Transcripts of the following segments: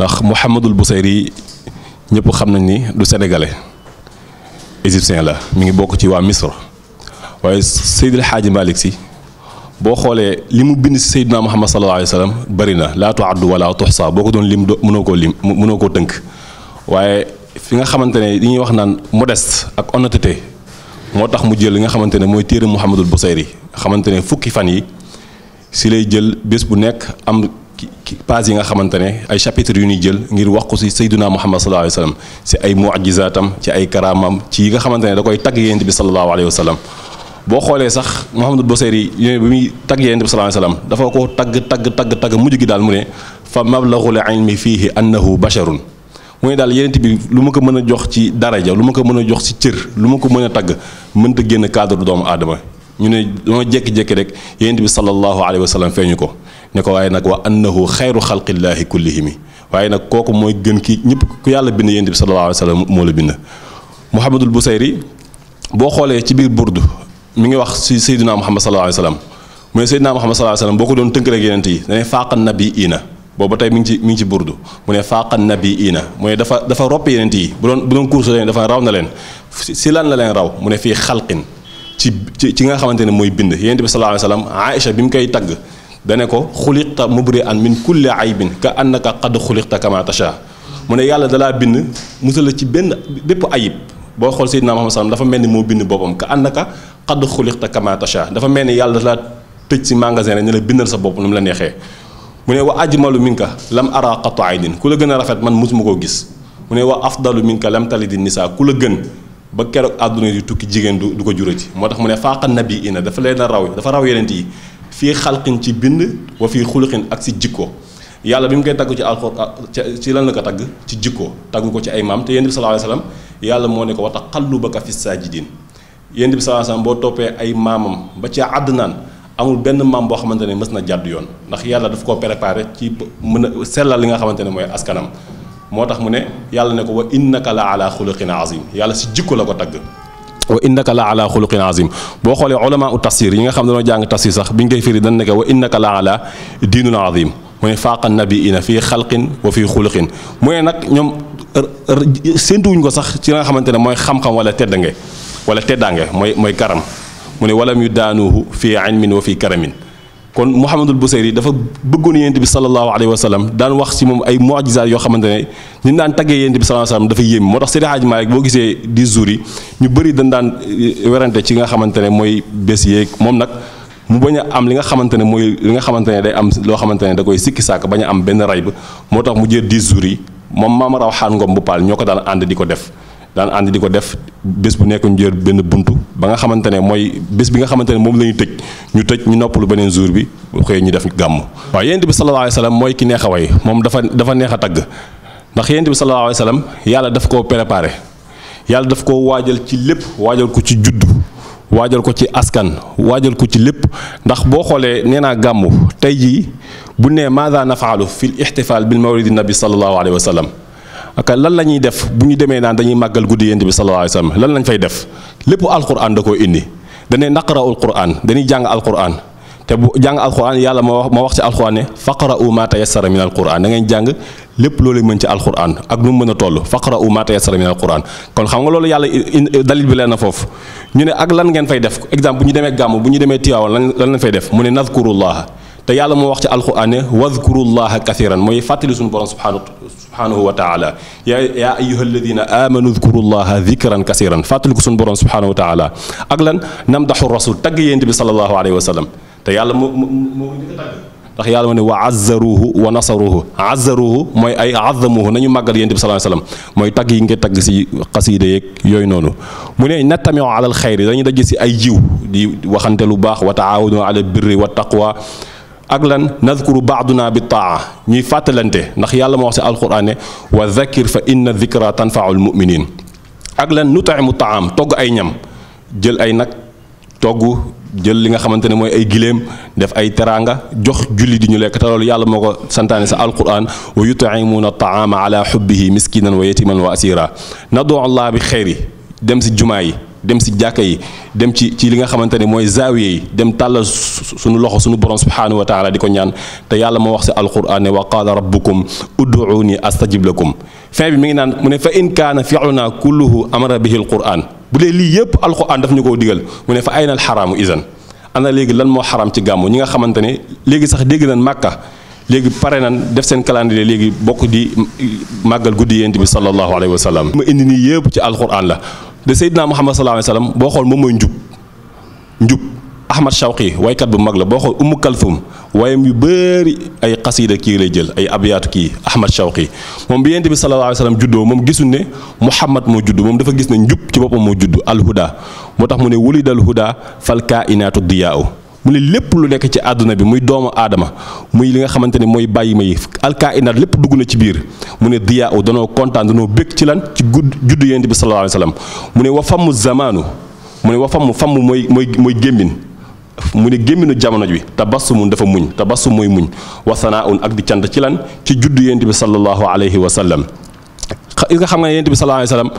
ndax Mouhamadul Bousayri ñëpp xam nañ ni du senegale égyptien la mu ngi bokk ci waa Misr waaye Seydil Xaaji Malick si boo xoolee li mu bind si Seydina Muhammad sallallahu alayhi wa sallam na laa tuaddu wala tuxsa boo ko doon lim do mënoo koo lim mënoo koo tënk waaye fi nga xamante ne li ñuy wax naan modeste ak honnêteté moo tax mu jël li nga xamante ne mooy téere Mouhamadul Bousayri xamante ne fukki fan yi si lay jël bés bu nekk am. paas yi nga xamante ne ay chapitres yu ñuy jël ngir wax ko si sayduna muhammad sallallahu alayhi wa sallam si ay mu'jizaatam ci ay karaamam ci yi nga xamante ne da koy tagg yonent bi sallallahu alayhi wa sallam boo xoolee sax Mouhamadul Busayri yi bi muy tagg yonent bi sallallahu dafa ko tagg tagg tagg tagg mujj gi daal mu ne fa mablaghul ilmi fiihi annahu basharun mu ne daal yonent bi lu ma ko mën a jox ci daraja lu ma ko mën a jox si cër lu ma ko mën a tagg mënta génn cadre doomu aadama ñu ne dama jékki-jékki rek yonent bi sallallahu alayhi wa sallam feeñu ko ne ko waaye nag wa annahu xayru xalqillaahi kullihimi waaye nag kooku mooy gën ki ñëpp ku yàlla bind yonent bi sallallahu alayhi wa moo la bind Muhammadul Busayri boo xoolee ci biir burdu mi ngi wax si Seydina Muhammad sallallahu alayhi wa sallam mooy Seydina Muhammad sallallahu alayhi wa sallam boo ko doon tënk rek yi dañuy faaqan nabi iina boobu ba tey mi ngi ci mi ngi ci burdu mu ne faaqan nabi iina mu dafa dafa ropp yeneen yi bu doon bu doon dafa raw na leen si lan la leen raw mu ne fii xalqin ci ci nga xamante ne mooy bind yeneen bi sallallahu alayhi wa sallam bi mu koy tagg dane ko xuliqta mubri an min kulli aybin ka annaka qad xuliqta kama tasha mu ne yàlla dalaa bind musal la ci benn bépp ayib boo xool Seydina Muhammad sallam dafa mel ni moo bind boppam ka annaka qad xuliqta kama tasha dafa mel ni yàlla dalaa tëj si magasin rek ne la bindal sa bopp nu mu la neexee mu ne wa ajmalu minka lam ara qatu din ku la gën a rafet man musuma koo gis mu ne wa afdalu minka lam talidi nisaa ku la gën ba kero àdduna di tukki jigéen du du ko jurati moo tax mu ne faaqa nabi ina dafa leen a raw dafa raw yeneen yi fii xalqin ci bind wa fii xuluqin ak si jikko yàlla bi mu koy tagg ci alxuraan ah, ci lan la ko tagg ci jikko tagg ko ci ay maam te yonent bi yàlla moo ne ko wa taqallubaka fi saajidin yonent bi sallallahu alayhi wasallam boo toppee ay maamam ba ci Adnaan amul benn maam boo xamante ne mës na jàdd yoon ndax yàlla daf koo préparé ci mën sellal li nga xamante ne mooy askanam moo tax mu ne yàlla ne ko wa innaka la ala xuluqin azim yàlla si jikko la ko tagg wa innaka la ala xuluqin azim boo xoolee ulama u tafsir yi nga xam ne dañoo jàng tafsir sax biñ koy firi dañ nekk wa innaka la ala diinun azim mu ne faaqa nabiina fii xalqin wa fii xuluqin mu ne nag ñoom séentuwuñ ko sax ci nga xamante ne mooy xam-xam wala teddange wala teddaange mooy mooy karam mu ne walam yu daanuhu fi ilmin wa fii karamin kon Mouhamadul Buseyri dafa bëggoon yent bi sallallahu alayhi wa sallam daan wax ci moom ay mu'jizaat yoo xamante ne ñu daan taggee yonent bi sallallahu alayhi wa sallam dafa yéem moo tax Seydi Hadji gisee 10 jours ñu bëri dañ daan eh, werante ci nga xamante ne mooy bés yeeg moom nag mu bañ a am li nga xamante ne mooy li nga xamante ne day am loo xamante ne da koy sikki sàkk bañ a am benn rayb moo tax mu jël 10 jours yi moom Maam Raw Xaan Ngom bu Paal ñoo ko daan ànd di ko def daan ànd di ko def bés bu nekk ñu jël benn buntu ba nga xamante ne mooy bés bi nga xamante ne moom la ñu tëj ñu tëj ñu noppalu beneen jour bi xëy ñu def gàmm. waaw yonent bi sallallahu alayhi wa sallam mooy ki neex way moom dafa dafa neex a tagg ndax yonent bi sallallahu alayhi wa sallam yàlla daf koo préparé yàlla daf koo waajal ci lépp waajal ko ci juddu. waajal ko ci askan waajal ko ci lépp ndax boo xoolee nee naa gàmmu tey jii bu nee maada nafaalu fil ixtifaal bil mawlidi nabi sallallahu alayhi wa sallam lan la def bu ñu demee naan dañuy màggal guddi yonent bi sallallahu alayhi fay def lépp alquran da koo indi danay naqra'ul quran dañuy jàng bu jàng alquran yàlla moo wax moo wax ci alquran ne faqra'u ma tayassara min alquran da ngeen jàng lépp loolu mën ci alquran ak nu mu mën a toll faqra'u ma tayassara min alquran kon xam nga loolu yàlla dalil bi leen na foofu ñu ne ak lan ngeen fay def exemple bu ñu demee gàmm bu ñu demee Tiwaawan lan lan lañ fay def mu ne nazkurullah te yàlla moo wax ci wa ne wadkurullaha kathiran mooy fàttali suñu borom subhaanahu subhaanahu wa taala yaa yaa ayuha alladina amanu dkurullaha dikran kathiran fàttali ko suñu borom subhaanahu wa taala ak lan namdaxu rasul tagg yént bi wa sallam te yàlla moo moo ñu ko tagg ndax yàlla ma ne wa azzaruhu wa nasaruhu azzaruhu mooy ay azzamuhu nañu màggal yént bi sallallahu alayhi wa sallam mooy tagg yi nga tagg si xasiida yeeg yooyu noonu mu ne nattameo alal xeyri dañu daj si ay jiw di waxante lu baax wa taawanu ala birri wa taqwa ak lan na nadkuru baaduna bi taa ñuy fàttalante ndax yàlla moo wax si alquran ne wa zakir fa inna zikra tanfaul muminin ak lan nutaimu taam togg ay ñam jël ay nag togg jël li nga xamante ne mooy ay giléem def ay teraanga jox julli di ñu lekk te yàlla moo ko santaane sa alquran wa yutaimuuna taama ala xubbihi miskinan wa yatiman wa asira nadu allah bi xeyri dem si jumaa yi dem si jàkka yi dem ci ci li nga xamante ne mooy zaawiye yi dem tàllal suñu loxo sunu borom subhaanahu wa taala di ko ñaan te yàlla moo wax si alquran ne wa qaala rabbukum ud'uuni astajib lakum fin bi mi ngi naan mu ne fa in kaana fi'luna kulluhu amara bihi alquran bu dee lii yëpp alquran daf ñu koo digal mu ne fa aynal xaraamu isan ana léegi lan moo xaraam ci gàmmu ñi nga xamante ne léegi sax dégg nañ màkka léegi pare nan def seen calendrier léegi bokk di màggal guddi yent bi sallallahu alayhi wa sallam ma indi nii yëpp ci alquran la de Seydina Muhammad sallallahu alayhi wa sallam boo xool moom mooy njub njub Ahmad Shawqi waykat bu mag la boo xool Umm Kalthum wayam yu bëri ay xasiida kii lay jël ay abiyaatu kii Ahmad Shawqi moom bi yonent bi sallallahu alayhi wa sallam juddoo moom gisuñ ne Muhammad moo juddu moom dafa gis ne njub ci boppam moo judd alhuda moo tax mu ne wulidal huda fal kainaatu diyaaw mu ne lépp lu nekk ci àdduna bi muy doomu aadama muy li nga xamante ne mooy bàyyi ma yi alkaïnat lépp dugg na ci biir mu ne diyaa u danoo kontaan danoo bëgg ci lan ci gudd juddu yonent bi sallallahu alayhi wasallam mu ne wa famm zamaanu mu ne wa famm famm mooy mooy mooy gémmin mu ne gémminu jamono ji tabassumun dafa muñ tabassum mooy muñ wa sanaaun ak di cant ci lan ci juddu yonent bi sallallahu alayhi wasallam i nga xam nga yonent bi sallallahu alayhi wasallam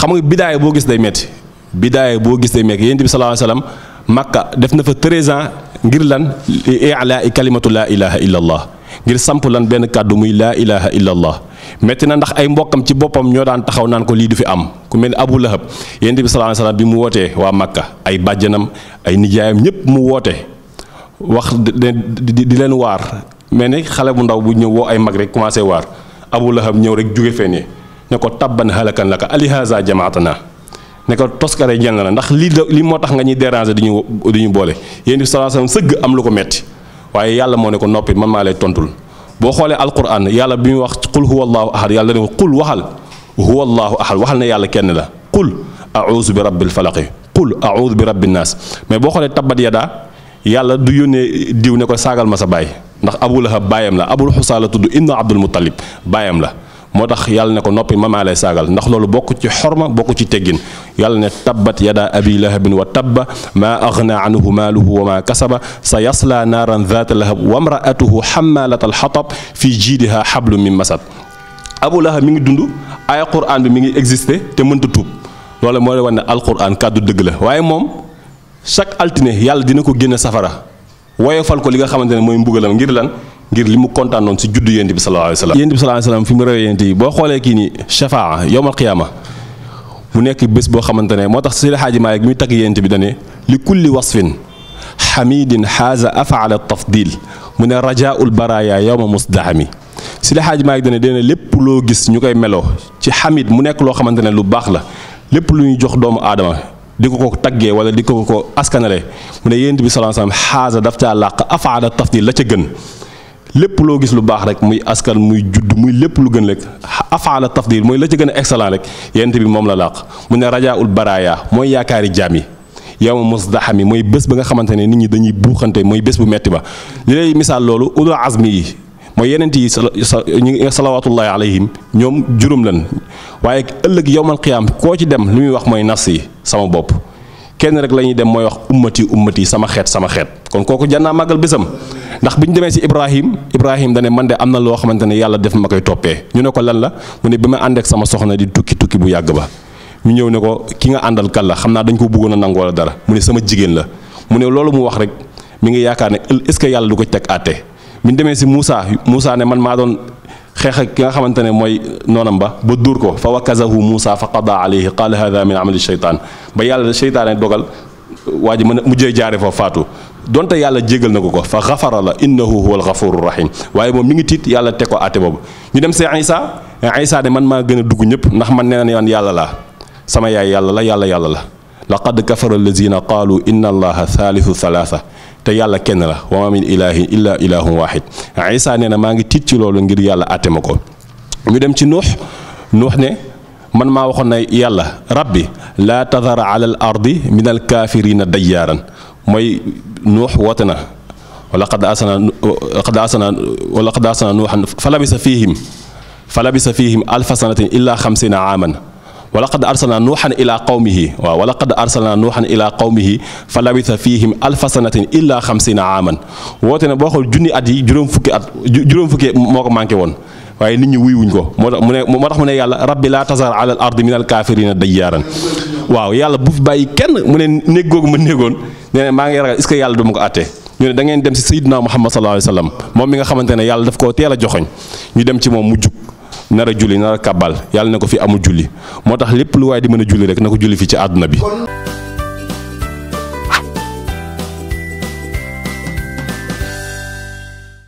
xam nga bidaaya boo gis day metti bidaaya boo gis day metti yonent bi sallallahu alayhi wasallam Makka def na fa 13 ans ngir lan i'laa kalimatu laa ilaha illa ngir samp lan benn kàddu muy laa ilaha illa allah metti na ndax ay mbokkam ci boppam ñoo daan taxaw naan ko lii du fi am ku mel ni abu lahab yonent bi sallallahu alayhi bi mu wootee waa Makka ay bàjjanam ay nijaayam ñépp mu wootee wax di leen waar mel ni xale bu ndaw bu ñëw woo ay mag rek commencé waar abu lahab ñëw rek jóge fee ne ko ko tabban halakan laka alihaza jamaatana ne ko toskare na la ndax lii lii moo tax nga ñuy déranger di ñu di boole yéen bi sallallahu sëgg am lu ko metti waaye yàlla moo ne ko noppi man maa lay tontul boo xoolee alquran yàlla bi mu wax qul huwa allahu ahad yàlla ne ko qul waxal huwa allahu ahad waxal ne yàlla kenn la qul auzu bi rabbil falaqi qul auzu bi rabbin naas mais boo xoolee tabbat yadaa yàlla du yónnee diw ne ko saagal ma sa baay ndax abu lahab baayam la abul xusaa la tudd ibnu abdul muttalib baayam la moo tax yàlla na ko noppi ma maa lay saagal ndax loolu bokk ci xorma bokk ci teggin yàlla ne tabbat yada abi lahabin wa tabba maa agna anhu maaluhu wa maa kasaba sa yasla naaran zaata lahab wa mraatuhu xamaalat alxatab fi jiidiha xablu min masad abu lahab mi ngi dund ay quran bi mi ngi existé te mënta tuub loolu moo lay wan ne alquran kàddu dëgg la waaye moom chaque altine yàlla dina ko génne safara woyofal ko li nga xamante ne mooy mbugalam ngir lan ngir li mu kontaanoon si juddu yént bi sallallahu alayhi wa sallam yént bi sallallahu alayhi fi mu réew yént yi boo xoolee kii ni shafaa yowmal qiyaama mu nekk bés boo xamante ne moo tax Seydi Haaji Maalik bi muy tagg yént bi dane li kulli wasfin xamidin xaaza afaala tafdil mu ne rajaul baraya yowma musdahami Seydi Haaji Maalik dane dene lépp loo gis ñu koy meloo ci xamid mu nekk loo xamante ne lu baax la lépp lu ñu jox doomu aadama di ko ko taggee wala di ko ko askanale mu ne yént bi sallallahu alayhi wa sallam xaaza daf làq afaala tafdil la ca gën lépp loo gis lu baax rek muy askan muy judd muy lépp lu gën rek afaala tafdil mooy la ci gën a excellent rek yent bi moom la làq mu ne rajaul baraaya mooy yaakaari jaam yi yawma musdaxami mooy bés ba nga xamante ne nit ñi dañuy buuxante mooy bés bu metti ba li lay misaal loolu ulul azmi yi mooy yeneen yi sa sa ñu salawaatullahi alayhim ñoom juróom lan waaye ëllëg yowmal qiyaam koo ci dem li muy wax mooy nas yi sama bopp kenn rek lañuy dem mooy wax ummati ummati sama xeet sama xeet kon kooku jannaa màggal bésam ndax bi ñu demee si Ibrahim Ibrahim dane man de am na loo xamante ne yàlla def ma koy toppee ñu ne ko lan la mu ne bi ma àndeek sama soxna di tukki tukki bu yàgg ba mu ñëw ne ko ki nga àndal kan la xam naa dañ koo bëggoon a nangu dara mu ne sama jigéen la mu ne loolu mu wax rek mu ngi yaakaar ne est-ce que yàlla du ko teg àtte bi ñu demee si Moussa muusa ne man maa doon xeex ak ki nga xamante ne mooy noonam ba ba dóor ko fa wakazahu Moussa fa qada alayhi qaala hada min amali sheytaan ba yàlla sheytaane dogal waa ji mën a mujjee jaare fa faatu donte yàlla jégal na ko ko fa xafara la innahu huwal xafuru rahim waaye moom mi ngi tiit yàlla teg ko àtte boobu ñu dem see Aïssa Aïssa man maa gën a dugg ñëpp ndax man nee na yàlla laa sama yaay yàlla la yàlla yàlla la laqad kafara allazina qaalu inna allaha thalithu thalatha te yàlla kenn la wa ma min ilahin illa ilahun wahid Aïssa nee na maa ngi tiit ci ngir yàlla àtte ma ko ñu dem ci nuux nuux ne man maa waxoon na yàlla rabbi laa tadara ala al ardi min al kaafirina dayyaaran mooy nuux woote na wala qad asana qad asana wala qad asana nuuxan fa labisa fiihim fa labisa fiihim alfa sanatin illa xamsina aaman wala qad arsalna nuuxan ilaa qawmihi waaw wala qad arsalna nuuxan ilaa qawmihi fa labitha fiihim alfa sanatin illaa xamsina aaman woote ne boo xool junni at yi juróom fukki at juróom fukki moo ko manqué woon waaye nit ñi wuyuñ ko moo tax mu ne moo tax mu ne yàlla rabbi laa tasar ala al ardi min al kaafirina waaw yàlla bu fi bàyyi kenn mu ne néeg googu ma néegoon nee maa ngi ragal est-ce que yàlla du ko àtte ñu ne da ngeen dem si sayyidina Muhammad sallallahu alayhi wa sallam moom mi nga xamante ne yàlla daf koo teel a joxoñ ñu dem ci moom mu jug nar a julli nar a kàbbal yàlla ne ko fi amul julli moo tax lépp lu waaye di mën a julli rek na ko julli fii ci àdduna bi